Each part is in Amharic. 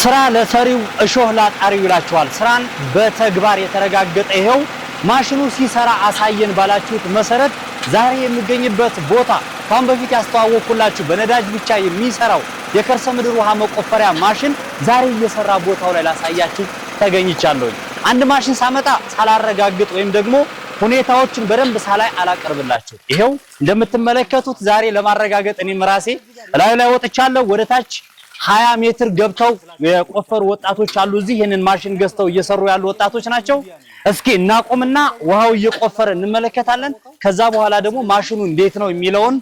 ስራ ለሰሪው እሾህ ላጣሪው ይላችኋል። ስራን በተግባር የተረጋገጠ ይኸው ማሽኑ ሲሰራ አሳየን ባላችሁት መሰረት ዛሬ የሚገኝበት ቦታ ካሁን በፊት ያስተዋወቅኩላችሁ በነዳጅ ብቻ የሚሰራው የከርሰ ምድር ውሃ መቆፈሪያ ማሽን ዛሬ እየሰራ ቦታው ላይ ላሳያችሁ ተገኝቻለሁ። አንድ ማሽን ሳመጣ ሳላረጋግጥ ወይም ደግሞ ሁኔታዎችን በደንብ ሳላይ አላቀርብላችሁ። ይሄው እንደምትመለከቱት ዛሬ ለማረጋገጥ እኔም ራሴ እላዩ ላይ ወጥቻለሁ። ወደ ታች ሀያ ሜትር ገብተው የቆፈሩ ወጣቶች አሉ። እዚህ ይህንን ማሽን ገዝተው እየሰሩ ያሉ ወጣቶች ናቸው። እስኪ እናቆምና ውሃው እየቆፈረ እንመለከታለን። ከዛ በኋላ ደግሞ ማሽኑ እንዴት ነው የሚለውን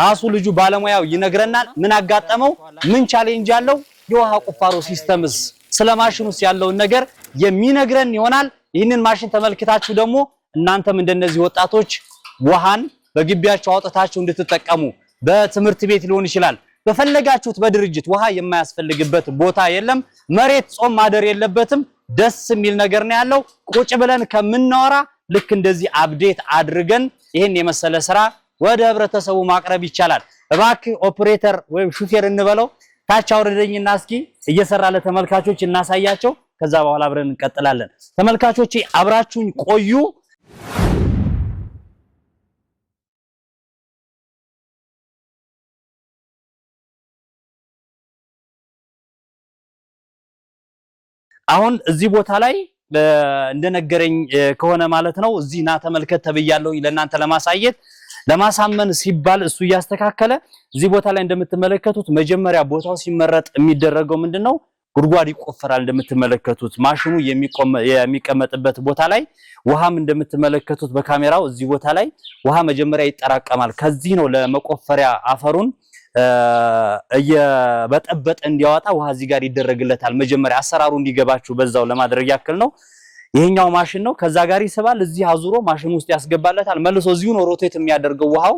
ራሱ ልጁ ባለሙያው ይነግረናል። ምን አጋጠመው፣ ምን ቻሌንጅ አለው፣ የውሃ ቁፋሮ ሲስተምስ፣ ስለ ማሽኑስ ያለውን ነገር የሚነግረን ይሆናል። ይህንን ማሽን ተመልክታችሁ ደግሞ እናንተም እንደነዚህ ወጣቶች ውሃን በግቢያቸው አውጥታችሁ እንድትጠቀሙ በትምህርት ቤት ሊሆን ይችላል በፈለጋችሁት በድርጅት ውሃ የማያስፈልግበት ቦታ የለም። መሬት ጾም ማደር የለበትም። ደስ የሚል ነገር ነው ያለው። ቁጭ ብለን ከምናወራ ልክ እንደዚህ አፕዴት አድርገን ይህን የመሰለ ስራ ወደ ህብረተሰቡ ማቅረብ ይቻላል። እባክህ ኦፕሬተር ወይም ሹፌር እንበለው ታች አውርደኝና እስኪ እየሰራ ለተመልካቾች እናሳያቸው። ከዛ በኋላ አብረን እንቀጥላለን። ተመልካቾቼ አብራችሁኝ ቆዩ። አሁን እዚህ ቦታ ላይ እንደነገረኝ ከሆነ ማለት ነው እዚህ ና ተመልከት ተብያለሁ ለእናንተ ለማሳየት ለማሳመን ሲባል እሱ እያስተካከለ እዚህ ቦታ ላይ እንደምትመለከቱት መጀመሪያ ቦታው ሲመረጥ የሚደረገው ምንድን ነው? ጉድጓድ ይቆፈራል። እንደምትመለከቱት ማሽኑ የሚቀመጥበት ቦታ ላይ ውሃም እንደምትመለከቱት በካሜራው እዚህ ቦታ ላይ ውሃ መጀመሪያ ይጠራቀማል። ከዚህ ነው ለመቆፈሪያ አፈሩን እየበጠበጠ እንዲያወጣ ውሃ እዚህ ጋር ይደረግለታል። መጀመሪያ አሰራሩ እንዲገባችሁ በዛው ለማድረግ ያክል ነው። ይሄኛው ማሽን ነው። ከዛ ጋር ይስባል። እዚህ አዙሮ ማሽን ውስጥ ያስገባለታል። መልሶ እዚሁ ነው ሮቴት የሚያደርገው። ውሃው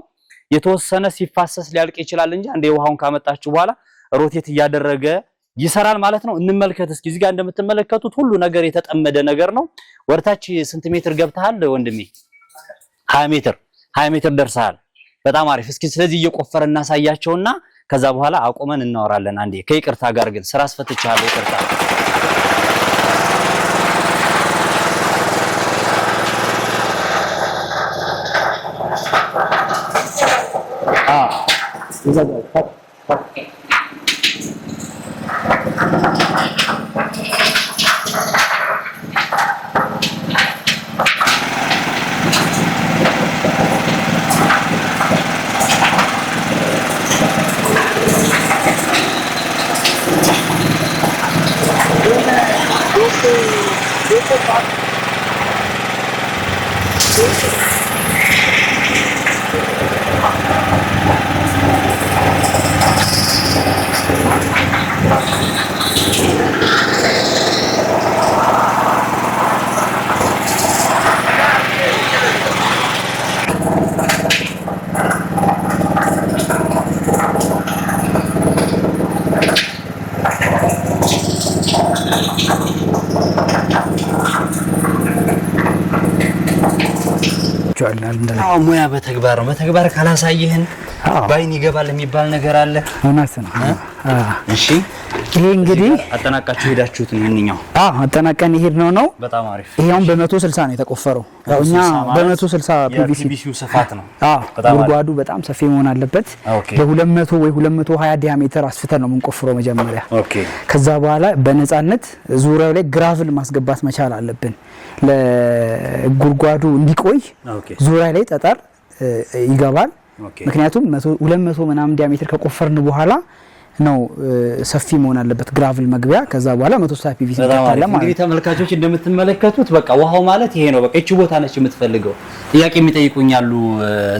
የተወሰነ ሲፋሰስ ሊያልቅ ይችላል እንጂ አንዴ ውሃውን ካመጣችሁ በኋላ ሮቴት እያደረገ ይሰራል ማለት ነው። እንመልከት እስኪ። እዚህ ጋር እንደምትመለከቱት ሁሉ ነገር የተጠመደ ነገር ነው። ወርታች ስንት ሜትር ገብተሃል ወንድሜ? 20 ሜትር 20 ሜትር ደርሰሃል። በጣም አሪፍ። እስኪ ስለዚህ እየቆፈረ እናሳያቸውና ከዛ በኋላ አቁመን እናወራለን። አንዴ ከይቅርታ ጋር ግን ስራ አስፈትቻለሁ። ይቅርታ አ ይገባል። አዎ ሙያ በተግባር ነው። በተግባር ካላሳየህን ባይን ይገባል የሚባል ነገር አለ። እውነት ነው። እሺ ይሄ እንግዲህ አጠናቃችሁ ሄዳችሁት ነው ይሄንኛው? አዎ አጠናቀን ይሄድ ነው ነው። በጣም አሪፍ። ይሄውን በ160 ነው የተቆፈረው። ያው እኛ በ160 ፒቪሲ ስፋት ነው። አዎ ጉድጓዱ በጣም ሰፊ መሆን አለበት። በ200 ወይ 220 ዲያሜትር አስፍተን ነው የምንቆፍረው መጀመሪያ። ኦኬ። ከዛ በኋላ በነጻነት ዙሪያው ላይ ግራቭል ማስገባት መቻል አለብን፣ ለጉድጓዱ እንዲቆይ። ዙሪያ ላይ ጠጠር ይገባል። ምክንያቱም 200 ምናምን ዲያሜትር ከቆፈርን በኋላ ነው ሰፊ መሆን አለበት ግራቭል መግቢያ። ከዛ በኋላ 160 ፒቪሲ ማለት እንግዲህ ተመልካቾች እንደምትመለከቱት በቃ ውሃው ማለት ይሄ ነው። በቃ እቺ ቦታ ነች የምትፈልገው። ጥያቄ የሚጠይቁኛሉ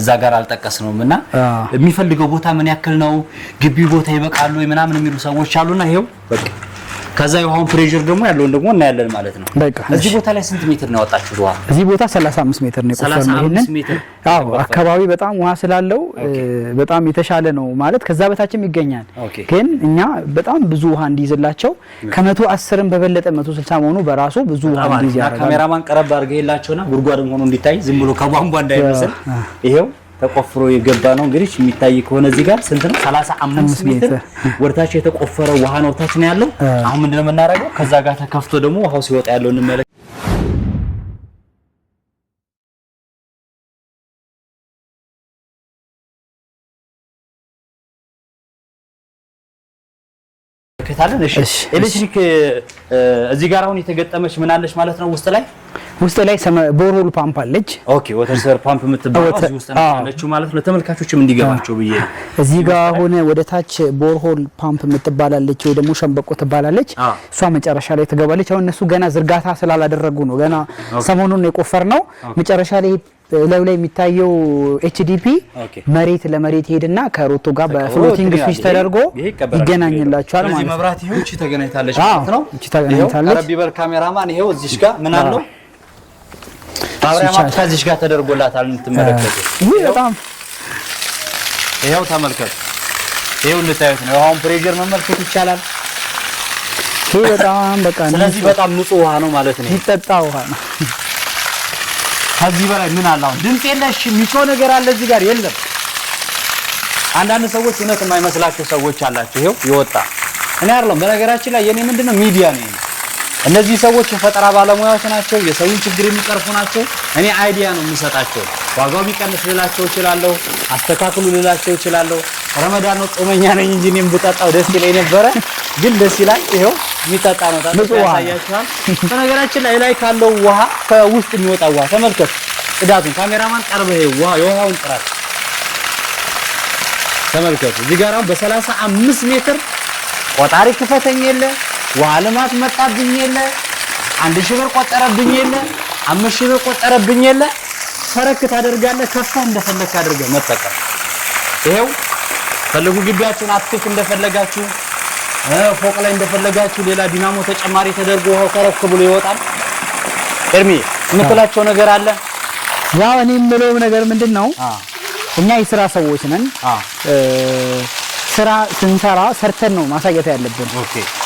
እዛ ጋር ነው እና የሚፈልገው ቦታ ምን ያክል ነው፣ ግቢ ቦታ ይበቃሉ ወይ ምናምን የሚሉ ሰዎች አሉና ይሄው በቃ ከዛ የውሃውን ፕሬዥር ደግሞ ያለውን ደግሞ እናያለን ማለት ነው። በቃ እዚህ ቦታ ላይ ስንት ሜትር ነው ያወጣችሁት ውሃ? እዚህ ቦታ 35 ሜትር ነው የቆፈርነው። ይሄንን አዎ፣ አካባቢ በጣም ውሃ ስላለው በጣም የተሻለ ነው ማለት ከዛ በታችም ይገኛል። ግን እኛ በጣም ብዙ ውሃ እንዲይዝላቸው ከመቶ አስርም በበለጠ 160 መሆኑ በራሱ ብዙ ውሃ እንዲይዝ ያደርጋል። ካሜራማን ቀረብ አድርገህላቸውና ጉድጓድም ሆኖ እንዲታይ ዝም ብሎ ከቧንቧ እንዳይመስል ይሄው ተቆፍሮ የገባ ነው። እንግዲህ የሚታይ ከሆነ እዚህ ጋር ስንት ነው? 35 ሜትር ወርታች የተቆፈረ ውሃ ነው ታች ነው ያለው። አሁን ምንድን ነው የምናደርገው? ከዛ ጋር ተከፍቶ ደግሞ ውሃው ሲወጣ ያለው እንመለከት። እሺ ኤሌክትሪክ እዚህ ጋር አሁን የተገጠመች ምን አለች ማለት ነው ውስጥ ላይ ውስጥ ላይ ቦርሆል ፓምፕ አለች። ኦኬ ወተር ሰር ፓምፕ የምትባለው እዚህ ውስጥ አለችው ማለት ነው። ተመልካቾችም እንዲገባቸው ብዬ እዚህ ጋር ሆነ ወደ ታች ቦርሆል ፓምፕ የምትባላለች ወይ ደግሞ ሸንበቆ ትባላለች። እሷ መጨረሻ ላይ ትገባለች። አሁን እነሱ ገና ዝርጋታ ስላላደረጉ ነው። ገና ሰሞኑን የቆፈር ነው። መጨረሻ ላይ እላዩ ላይ የሚታየው ኤችዲፒ መሬት ለመሬት ሄድና ከሮቶ ጋር በፍሎቲንግ ስዊች ተደርጎ ይገናኝላችኋል ማለት ነው። መብራት ይሄው እቺ ተገናኝታለች ማለት ነው። እቺ ተገናኝታለች። ረቢ በል ካሜራማን ይሄው እዚሽ ጋር ምን አለው አብራማት ከዚህ ጋር ተደርጎላታል። እንትመለከቱ ይሄ በጣም ይሄው ተመልከቱ። ይሄው እንታዩት ነው። አሁን ፕሬዠር መመልከት ይቻላል። ይሄ በጣም በቃ ስለዚህ በጣም ንጹህ ውሃ ነው ማለት ነው። ይጠጣ ውሃ ነው። ከዚህ በላይ ምን አለ? አሁን ድምጽ የለሽ የሚጮህ ነገር አለ እዚህ ጋር የለም። አንዳንድ ሰዎች እውነት የማይመስላቸው ሰዎች አላቸው። ይሄው ይወጣ እኔ አይደለም። በነገራችን ላይ የኔ ምንድነው ሚዲያ ነው እነዚህ ሰዎች የፈጠራ ባለሙያዎች ናቸው። የሰውን ችግር የሚቀርፉ ናቸው። እኔ አይዲያ ነው የምሰጣቸው። ዋጋው ቢቀንስ ልላቸው እችላለሁ፣ አስተካክሉ ልላቸው እችላለሁ። ረመዳን ነው ጾመኛ ነኝ እንጂ እኔም ብጠጣው ደስ ይለኝ ነበረ፣ ግን ደስ ይላል። ይኸው የሚጠጣ ነው ያሳያችኋል። በነገራችን ላይ ላይ ካለው ውሃ ከውስጥ የሚወጣ ውሃ ተመልከቱ፣ ጽዳቱን። ካሜራማን ቀርበ ውሃ የውሃውን ጥራት ተመልከቱ። እዚህ ጋር አሁን በሰላሳ አምስት ሜትር ቆጣሪ ክፈተኝ የለ ውሃ ልማት መጣብኝ የለ አንድ ሺህ ብር ቆጠረብኝ የለ አምስት ሺህ ብር ቆጠረብኝ የለ ፈረክ ታደርጋለህ። ከፍተህ እንደፈለክ አድርገህ መጠቀም ይሄው ፈልጉ ግቢያችሁን አትክልት እንደፈለጋችሁ ፎቅ ላይ እንደፈለጋችሁ ሌላ ዲናሞ ተጨማሪ ተደርጎ ውሃው ከረክ ብሎ ይወጣል። እርሚ የምትላቸው ነገር አለ? ያው እኔ የምለው ነገር ምንድን ነው እኛ የስራ ሰዎች ነን ስራ ስንሰራ ሰርተን ነው ማሳየት ያለብን።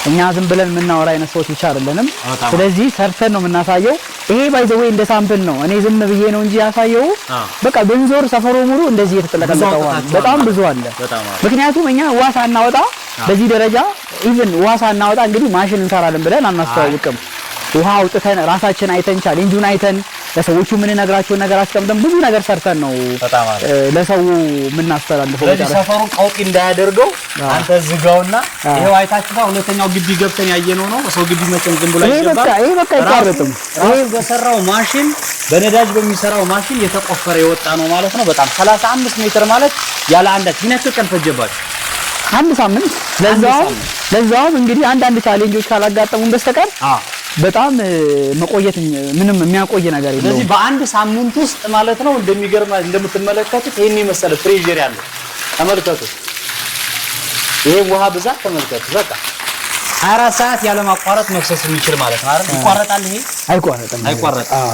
እኛ ዝም ብለን የምናወራ አይነት ሰዎች ብቻ አይደለንም። ስለዚህ ሰርተን ነው የምናሳየው። ይሄ ባይ ዘ ወይ እንደ ሳምፕል ነው። እኔ ዝም ብዬ ነው እንጂ ያሳየው። በቃ ብንዞር ሰፈሩ ሙሉ እንደዚህ የተጠለቀለቀ በጣም ብዙ አለ። ምክንያቱም እኛ ዋሳ እናወጣ በዚህ ደረጃ ኢቭን ዋሳ እናወጣ እንግዲህ ማሽን እንሰራለን ብለን አናስተዋውቅም። ውሃ አውጥተን ራሳችን አይተን ቻሌንጁን አይተን ለሰዎቹ የምንነግራቸውን ነገር አስቀምጠን ብዙ ነገር ሰርተን ነው ለሰው የምናስተላልፈው። ስለዚህ ሰፈሩ ቀውጢ እንዳያደርገው አንተ ዝጋውና፣ ይሄው አይታችሁታ ሁለተኛው ግቢ ገብተን ያየነው ነው። ሰው ግቢ መቼም ዝም ብሎ አይገባም። ይሄ በቃ አይቋረጥም። ይሄ በሰራው ማሽን በነዳጅ በሚሰራው ማሽን የተቆፈረ የወጣ ነው ማለት ነው። በጣም 35 ሜትር ማለት ያለ አንዳች ምን ያክል ቀን ፈጀባችሁ? አንድ ሳምንት። ለዛውም ለዛውም እንግዲህ አንዳንድ ቻሌንጆች ካላጋጠሙን በስተቀር በጣም መቆየት ምንም የሚያቆይ ነገር የለውም። ስለዚህ በአንድ ሳምንት ውስጥ ማለት ነው እንደሚገርም እንደምትመለከቱት ይህን የመሰለ ፕሬዥር ያለ ተመልከቱ። ይህ ውሃ ብዛት ተመልከቱ። በቃ 24 ሰዓት ያለ ማቋረጥ መፍሰስ የሚችል ማለት ነው አይደል? ይቋረጣል? ይሄ አይቋረጥም፣ አይቋረጥም። አዎ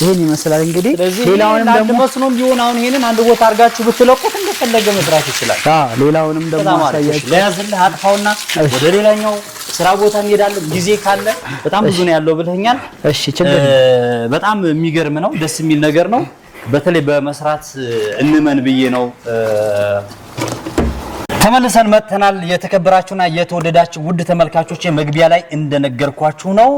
ይሄን ይመስላል እንግዲህ። ሌላውንም ደግሞ መስኖም ቢሆን አሁን ይሄንን አንድ ቦታ አድርጋችሁ ብትለቁት እንደፈለገ መስራት ይችላል። አዎ ሌላውንም ደግሞ አሳያችሁ። ለያዝልህ አጥፋውና ወደ ሌላኛው ስራ ቦታ እንሄዳለን። ጊዜ ካለ በጣም ብዙ ነው ያለው ብለኛል። እሺ፣ በጣም የሚገርም ነው። ደስ የሚል ነገር ነው። በተለይ በመስራት እንመን ብዬ ነው ተመልሰን መጥተናል። የተከበራችሁና የተወደዳችሁ ውድ ተመልካቾች መግቢያ ላይ እንደነገርኳችሁ ነው።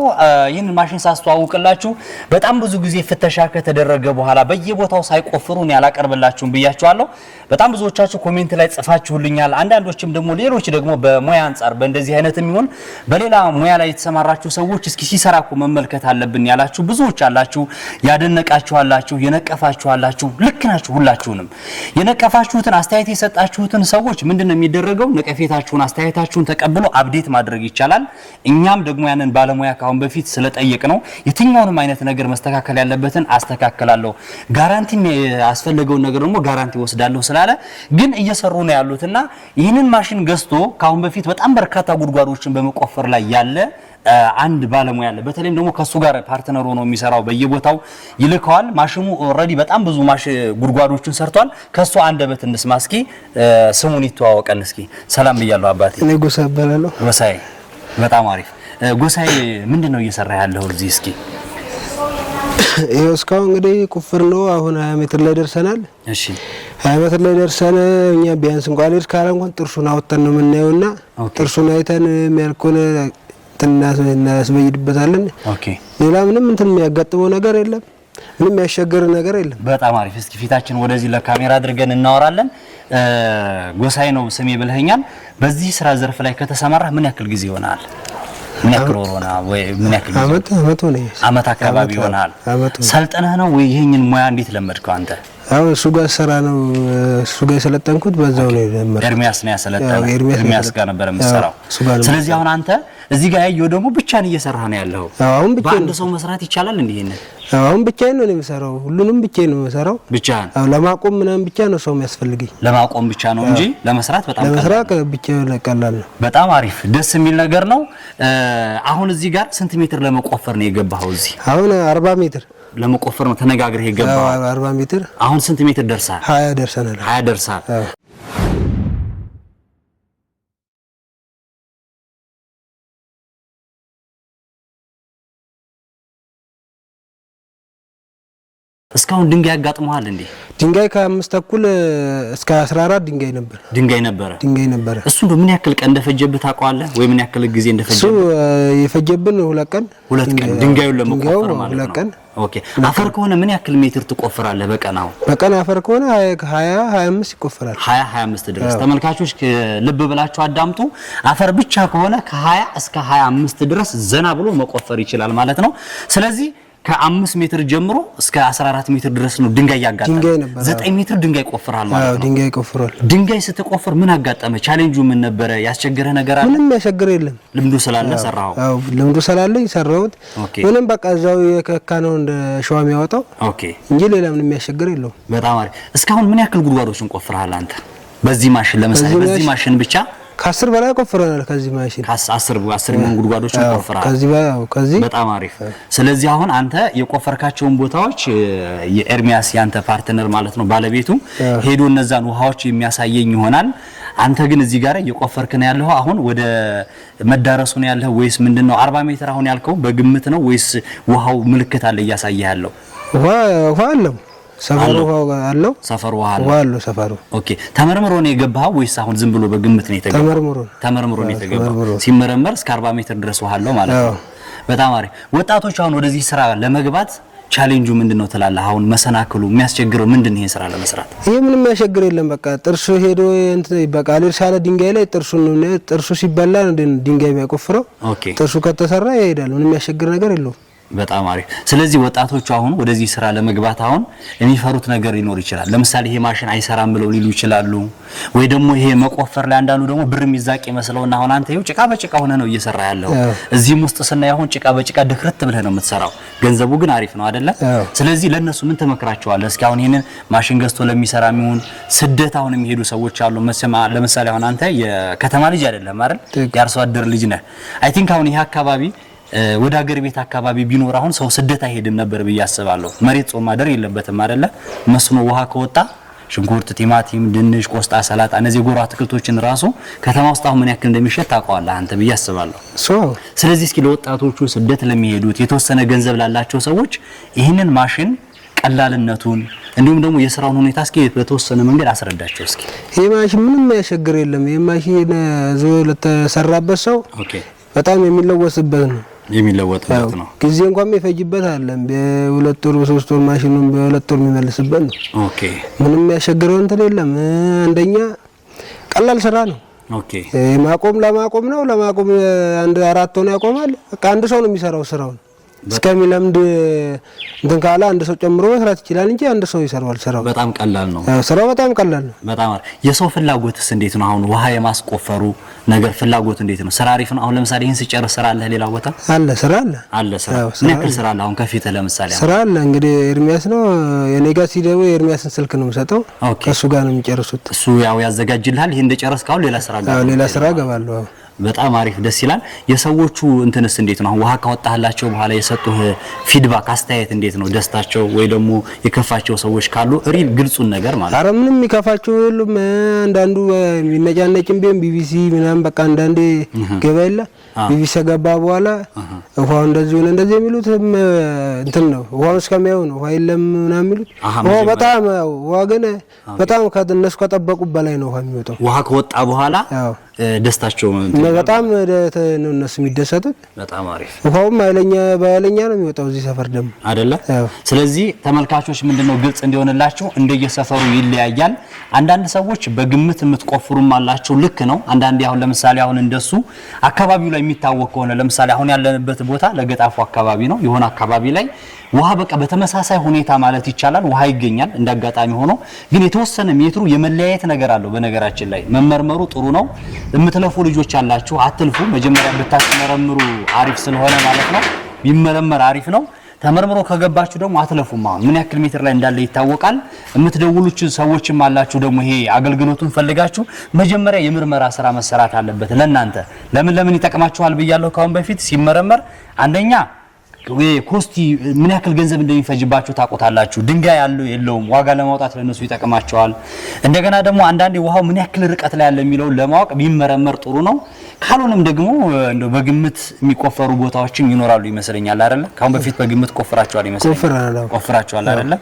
ይህንን ማሽን ሳስተዋውቅላችሁ በጣም ብዙ ጊዜ ፍተሻ ከተደረገ በኋላ በየቦታው ሳይቆፍሩ ያላቀርብላችሁም ብያችኋለሁ። በጣም ብዙዎቻችሁ ኮሜንት ላይ ጽፋችሁልኛል። አንዳንዶችም ደግሞ ሌሎች ደግሞ በሙያ አንጻር በእንደዚህ አይነት የሚሆን በሌላ ሙያ ላይ የተሰማራችሁ ሰዎች እስኪ ሲሰራ እኮ መመልከት አለብን ያላችሁ ብዙዎች አላችሁ። ያደነቃችኋላችሁ፣ የነቀፋችኋላችሁ። ልክ ናችሁ። ሁላችሁንም የነቀፋችሁትን አስተያየት የሰጣችሁትን ሰዎች ምንድን የሚደረገው ነቀፌታችሁን፣ አስተያየታችሁን ተቀብሎ አብዴት ማድረግ ይቻላል። እኛም ደግሞ ያንን ባለሙያ ካሁን በፊት ስለጠየቅ ነው የትኛውንም አይነት ነገር መስተካከል ያለበትን አስተካክላለሁ፣ ጋራንቲ ያስፈለገውን ነገር ደግሞ ጋራንቲ ወስዳለሁ ስላለ ግን እየሰሩ ነው ያሉትና ይህንን ማሽን ገዝቶ ካሁን በፊት በጣም በርካታ ጉድጓዶችን በመቆፈር ላይ ያለ አንድ ባለሙያ አለ። በተለይም ደግሞ ከሱ ጋር ፓርትነር ሆኖ የሚሰራው በየቦታው ይልከዋል። ማሽኑ ኦልሬዲ በጣም ብዙ ማሽ ጉድጓዶችን ሰርቷል። ከሱ አንደበት እንስማ እስኪ፣ ስሙን ይተዋወቀን እስኪ። ሰላም ብያለሁ አባቴ። እኔ ጎሳ እባላለሁ። ጎሳዬ፣ በጣም አሪፍ ጎሳዬ። ምንድን ነው እየሰራ ያለው እዚህ? እስኪ ይኸው እስካሁን እንግዲህ ቁፍር ነው። አሁን ሀያ ሜትር ላይ ደርሰናል። እሺ ሀያ ሜትር ላይ ደርሰን እኛ ቢያንስ እንኳን ልጅ ካለ እንኳን ጥርሱን አወጣን ነው የምናየውና ጥርሱን አይተን የሚያልኩን እናስበይድበታለን። ሌላ ምንም እንትን የሚያጋጥመው ነገር የለም። ምንም ያሸገር ነገር የለም። በጣም አሪፍ። እስኪ ፊታችን ወደዚህ ለካሜራ አድርገን እናወራለን። ጎሳዬ ነው ስሜ ብለኸኛል። በዚህ ስራ ዘርፍ ላይ ከተሰማራህ ምን ያክል ጊዜ ይሆናል? ምን ያክል ወር ሆና ወይ ምን ያክል ጊዜ አመት አመት አካባቢ ይሆናል? ሰልጥነህ ነው ወይ ይሄንን ሙያ እንዴት ለመድከው አንተ? አሁን እሱ ጋር ስራ ነው እሱ ጋር የሰለጠንኩት በዛው ነው የጀመረ ኤርሚያስ ነው ያሰለጠነው። ኤርሚያስ ጋር ነበር የምትሰራው። ስለዚህ አሁን አንተ እዚህ ጋር ያየው ደግሞ ብቻን እየሰራህ ነው ያለው። አሁን ብቻ በአንድ ሰው መስራት ይቻላል እንዴ? ይሄን አሁን ብቻ ነው የምሰራው። ሁሉንም ብቻ ነው የምሰራው። ብቻ አሁን ለማቆም ምናምን ብቻ ነው ሰው የሚያስፈልገኝ። ለማቆም ብቻ ነው እንጂ ለመስራት በጣም ለመስራት ብቻ ቀላል ነው። በጣም አሪፍ ደስ የሚል ነገር ነው። አሁን እዚህ ጋር ስንት ሜትር ለመቆፈር ነው የገባኸው? እዚህ አሁን 40 ሜትር ለመቆፈር ነው ተነጋግረህ የገባው 40 ሜትር። አሁን ስንት ሜትር ደርሳል? 20 ደርሰናል። 20 ደርሳል። እስካሁን ድንጋይ አጋጥመዋል እንዴ? ድንጋይ ከአምስት ተኩል እስከ 14 ድንጋይ ነበር ድንጋይ ነበረ ድንጋይ ነበረ። እሱ በምን ያክል ቀን እንደፈጀብህ ታውቀዋለህ ወይ? ምን ያክል ጊዜ እንደፈጀብህ? እሱ የፈጀብን ሁለት ቀን ሁለት ቀን ድንጋዩን ለመቆፈር ማለት ቀን። ኦኬ አፈር ከሆነ ምን ያክል ሜትር ትቆፍራለህ በቀን? አሁን በቀን አፈር ከሆነ 20 25 ይቆፍራል። 20 25 ድረስ ተመልካቾች ልብ ብላችሁ አዳምጡ። አፈር ብቻ ከሆነ ከ20 እስከ 25 ድረስ ዘና ብሎ መቆፈር ይችላል ማለት ነው። ስለዚህ ከአምስት ሜትር ጀምሮ እስከ 14 ሜትር ድረስ ነው ድንጋይ ያጋጠመ። ዘጠኝ ሜትር ድንጋይ ቆፍራል ማለት ነው። ድንጋይ ቆፍሯል። ድንጋይ ስትቆፍር ምን አጋጠመ? ቻሌንጁ ምን ነበረ? ያስቸገረ ነገር አለ? ምንም ያስቸገረ የለም። ልምዱ ስላለ ሰራው። አዎ ልምዱ ስላለ ሰራሁት። ምንም በቃ እዛው የከካ ነው እንደ ሸዋ የሚያወጣው ኦኬ፣ እንጂ ሌላ ምንም ያስቸገረ የለው። በጣም አሪፍ። እስካሁን ምን ያክል ጉድጓዶችን ቆፍራል አንተ በዚህ ማሽን? ለምሳሌ በዚህ ማሽን ብቻ ከአስር በላይ ቆፍረናል። ከዚህ ማሽን አስር አስር ምን ጉድጓዶች ቆፍረናል። ከዚህ ከዚህ በጣም አሪፍ። ስለዚህ አሁን አንተ የቆፈርካቸውን ቦታዎች የኤርሚያስ ያንተ ፓርትነር ማለት ነው ባለቤቱ ሄዶ እነዛን ውሃዎች የሚያሳየኝ ይሆናል። አንተ ግን እዚህ ጋር እየቆፈርክ ነው ያለኸው። አሁን ወደ መዳረሱ ነው ያለው ወይስ ምንድን ነው? አርባ ሜትር አሁን ያልከው በግምት ነው ወይስ ውሃው ምልክት አለ እያሳየ ያለው ውሃ አለው ሰፈሩ አለው። ሰፈሩ ውሃ አለው። ሰፈሩ ኦኬ። ተመርምሮ ነው የገባው ወይስ አሁን ዝም ብሎ በግምት ነው የተገባው? ተመርምሮ ተመርምሮ ነው የተገባው። ሲመረመር እስከ 40 ሜትር ድረስ ውሃ አለው ማለት ነው። በጣም አሪፍ። ወጣቶች አሁን ወደዚህ ስራ ለመግባት ቻሌንጁ ምንድን ነው ትላለህ? አሁን መሰናክሉ የሚያስቸግረው ምንድን ነው? ይሄን ስራ ለመስራት ይሄ ምንም የሚያስቸግር የለም። በቃ ጥርሱ ሄዶ በቃ ሊርሳለ ድንጋይ ላይ ጥርሱ ነው ጥርሱ ሲበላ ድንጋይ የሚያቆፍረው ጥርሱ ከተሰራ ይሄዳል። ምንም የሚያስቸግር ነገር የለውም። በጣም አሪፍ። ስለዚህ ወጣቶቹ አሁን ወደዚህ ስራ ለመግባት አሁን የሚፈሩት ነገር ሊኖር ይችላል። ለምሳሌ ይሄ ማሽን አይሰራም ብለው ሊሉ ይችላሉ። ወይ ደግሞ ይሄ መቆፈር ላይ አንዳንዱ ደግሞ ብር የሚዛቅ ይመስለውና አሁን አንተ ይኸው ጭቃ በጭቃ ሆነ ነው እየሰራ ያለው። እዚህም ውስጥ ስናይ አሁን ጭቃ በጭቃ ድክረት ብለህ ነው የምትሰራው፣ ገንዘቡ ግን አሪፍ ነው አይደለ? ስለዚህ ለእነሱ ምን ትመክራቸዋለህ? እስኪ አሁን ይህንን ማሽን ገዝቶ ለሚሰራ የሚሆን ስደት አሁን የሚሄዱ ሰዎች አሉ። ለምሳሌ አሁን አንተ የከተማ ልጅ አይደለም አይደል? የአርሶ አደር ልጅ ነህ። አይ ቲንክ አሁን ይሄ አካባቢ ወደ ሀገር ቤት አካባቢ ቢኖር አሁን ሰው ስደት አይሄድም ነበር ብዬ አስባለሁ። መሬት ጾም ማደር የለበትም አይደለ? መስኖ ውሃ ከወጣ ሽንኩርት፣ ቲማቲም፣ ድንች፣ ቆስጣ፣ ሰላጣ እነዚህ የጓሮ አትክልቶችን ራሱ ከተማ ውስጥ አሁን ምን ያክል እንደሚሸጥ ታውቀዋለህ አንተ ብዬ አስባለሁ። ስለዚህ እስኪ ለወጣቶቹ፣ ስደት ለሚሄዱት፣ የተወሰነ ገንዘብ ላላቸው ሰዎች ይህንን ማሽን ቀላልነቱን እንዲሁም ደግሞ የስራውን ሁኔታ እስኪ በተወሰነ መንገድ አስረዳቸው። እስኪ ይህ ማሽን ምንም የሚያስቸግር የለም። ይህ ማሽን ለተሰራበት ሰው በጣም የሚለወስበት ነው። የሚለወጥበት ነው። ጊዜ እንኳን የሚፈጅበት አለም በሁለት ወር በሶስት ወር ማሽኑን በሁለት ወር የሚመልስበት ነው። ኦኬ ምንም ያሸገረው እንትን የለም። አንደኛ ቀላል ስራ ነው። ኦኬ ማቆም ለማቆም ነው። ለማቆም አንድ አራት ሆነ ያቆማል። አንድ ሰው ነው የሚሰራው ስራውን እስከሚለምድ እንትን ካለ አንድ ሰው ጨምሮ መስራት ይችላል እንጂ አንድ ሰው ይሰራዋል። ስራው በጣም ቀላል ነው። ስራው በጣም ቀላል ነው። በጣም የሰው ፍላጎትስ እንዴት ነው? አሁን ውሃ የማስቆፈሩ ነገር ፍላጎት እንዴት ነው? ስራ አሪፍ ነው። አሁን ለምሳሌ ይህን ስጨርስ ስራ አለ፣ ሌላ ቦታ አለ፣ ስራ አለ፣ አለ፣ ስራ ምን ያክል ስራ አለ? አሁን ከፊት ለምሳሌ ስራ አለ። እንግዲህ ኤርሚያስ ነው የኔ ጋር ሲደውል ኤርሚያስን ስልክ ነው የምሰጠው። ከሱ ጋር ነው የሚጨርሱት። እሱ ያው ያዘጋጅልሃል። ይሄን እንደጨረስክ አሁን ሌላ ስራ ገባለሁ። ሌላ ስራ ገባለሁ በጣም አሪፍ ደስ ይላል። የሰዎቹ እንትንስ እንዴት ነው? አሁን ውሃ ካወጣህላቸው በኋላ የሰጡህ ፊድባክ አስተያየት እንዴት ነው? ደስታቸው ወይ ደግሞ የከፋቸው ሰዎች ካሉ ሪል ግልጹን ነገር ማለት አረ ምንም የሚከፋቸው የሉም። አንዳንዱ የሚነጫነጭም ቢሆን ቢቢሲ ምናምን በቃ አንዳንዴ ገባ የለ ቢቢሲ ከገባ በኋላ ውሃው እንደዚህ ሆነ እንደዚህ የሚሉት እንትን ነው። ውሃው እስከሚያዩ ነው። ውሃ የለም ምናምን የሚሉት በጣም ውሃ ግን በጣም ከነሱ ከጠበቁ በላይ ነው ውሃ የሚወጣው ውሃ ከወጣ በኋላ ደስታቸው በጣም ነው እነሱ የሚደሰቱት። በጣም አሪፍ ውሃውም ኃይለኛ በኃይለኛ ነው የሚወጣው እዚህ ሰፈር ደግሞ አይደለ። ስለዚህ ተመልካቾች ምንድነው ግልጽ እንዲሆንላቸው እንደየሰፈሩ ይለያያል። አንዳንድ ሰዎች በግምት የምትቆፍሩም አላቸው፣ ልክ ነው። አንዳንዴ አሁን ለምሳሌ አሁን እንደሱ አካባቢው ላይ የሚታወቅ ከሆነ ለምሳሌ አሁን ያለንበት ቦታ ለገጣፉ አካባቢ ነው። የሆነ አካባቢ ላይ ውሃ በቃ በተመሳሳይ ሁኔታ ማለት ይቻላል ውሃ ይገኛል። እንደ አጋጣሚ ሆኖ ግን የተወሰነ ሜትሩ የመለያየት ነገር አለው። በነገራችን ላይ መመርመሩ ጥሩ ነው። የምትለፉ ልጆች አላችሁ፣ አትልፉ። መጀመሪያ ብታስመረምሩ አሪፍ ስለሆነ ማለት ነው። ቢመረመር አሪፍ ነው። ተመርምሮ ከገባችሁ ደግሞ አትለፉም። አሁን ምን ያክል ሜትር ላይ እንዳለ ይታወቃል። የምትደውሉች ሰዎችም አላችሁ ደግሞ ይሄ አገልግሎቱን ፈልጋችሁ መጀመሪያ የምርመራ ስራ መሰራት አለበት። ለእናንተ ለምን ለምን ይጠቅማችኋል ብያለሁ ካሁን በፊት ሲመረመር አንደኛ ኮስቲ ምን ያክል ገንዘብ እንደሚፈጅባችሁ ታቆታላችሁ። ድንጋይ ያለው የለውም ዋጋ ለማውጣት ለነሱ ይጠቅማቸዋል። እንደገና ደግሞ አንዳንዴ ውሃው ምን ያክል ርቀት ላይ ያለ የሚለው ለማወቅ ቢመረመር ጥሩ ነው። ካልሆነም ደግሞ እንደው በግምት የሚቆፈሩ ቦታዎችን ይኖራሉ ይመስለኛል አይደለ? ካሁን በፊት በግምት ቆፍራቸዋል ይመስለኛል። ቆፍራቸዋል አይደለ?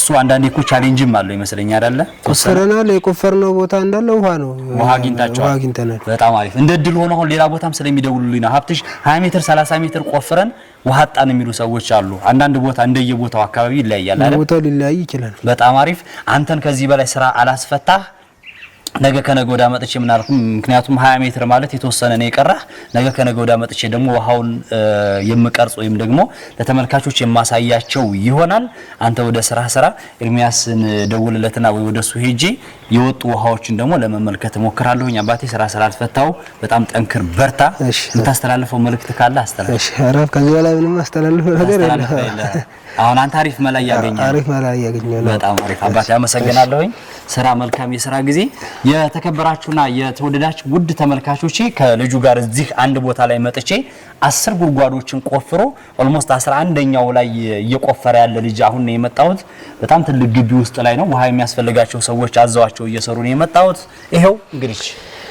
እሱ አንዳንዴ እኮ ቻሌንጅም አለው ይመስለኛል አይደለ? ቆፍረናል። የቆፈርነው ቦታ እንዳለ ውሃ ነው። ውሃ አግኝታቸዋል። በጣም አሪፍ። እንደ ድል ሆኖ አሁን ሌላ ቦታም ስለሚደውሉልኝ ነው ሀብትሽ 20 ሜትር 30 ሜትር ቆፍረን ውሃ አጣን የሚሉ ሰዎች አሉ። አንዳንድ ቦታ እንደየቦታው አካባቢ ይለያያል አይደል? ቦታው ሊለያይ ይችላል። በጣም አሪፍ። አንተን ከዚህ በላይ ስራ አላስፈታህ ነገ ከነገ ወዲያ መጥቼ ምን ምክንያቱም 20 ሜትር ማለት የተወሰነ ነው የቀረህ። ነገ ከነገ ወዲያ መጥቼ ደግሞ ውሃውን የምቀርጽ ወይም ደግሞ ለተመልካቾች የማሳያቸው ይሆናል። አንተ ወደ ስራ ስራ። ኤርሚያስን ደውልለትና ወይ ወደሱ ሄጄ የወጡ ውሃዎችን ደግሞ ለመመልከት ሞክራለሁኝ። አባቴ ስራ ስላልፈታው በጣም ጠንክር፣ በርታ። የምታስተላልፈው መልእክት ካለ አስተላልፍ። ከዚህ በላይ ምንም አስተላልፈው ነገር አሁን አንተ አሪፍ መላ እያገኘህ አሪፍ መላ እያገኘህ ነው። በጣም አሪፍ አባቴ፣ አመሰግናለሁኝ። ስራ፣ መልካም የስራ ጊዜ። የተከበራችሁና የተወደዳችሁ ውድ ተመልካቾቼ ከልጁ ጋር እዚህ አንድ ቦታ ላይ መጥቼ አስር ጉድጓዶችን ቆፍሮ ኦልሞስት አስራ አንደኛው ላይ እየቆፈረ ያለ ልጅ አሁን ነው የመጣሁት። በጣም ትልቅ ግቢ ውስጥ ላይ ነው። ውሃ የሚያስፈልጋቸው ሰዎች አዘዋቸው አብረዋቸው እየሰሩ ነው የመጣሁት። ይሄው እንግዲህ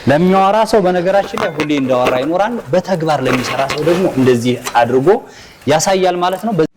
ለሚያወራ ሰው በነገራችን ላይ ሁሌ እንዳወራ ይኖራል። በተግባር ለሚሰራ ሰው ደግሞ እንደዚህ አድርጎ ያሳያል ማለት ነው።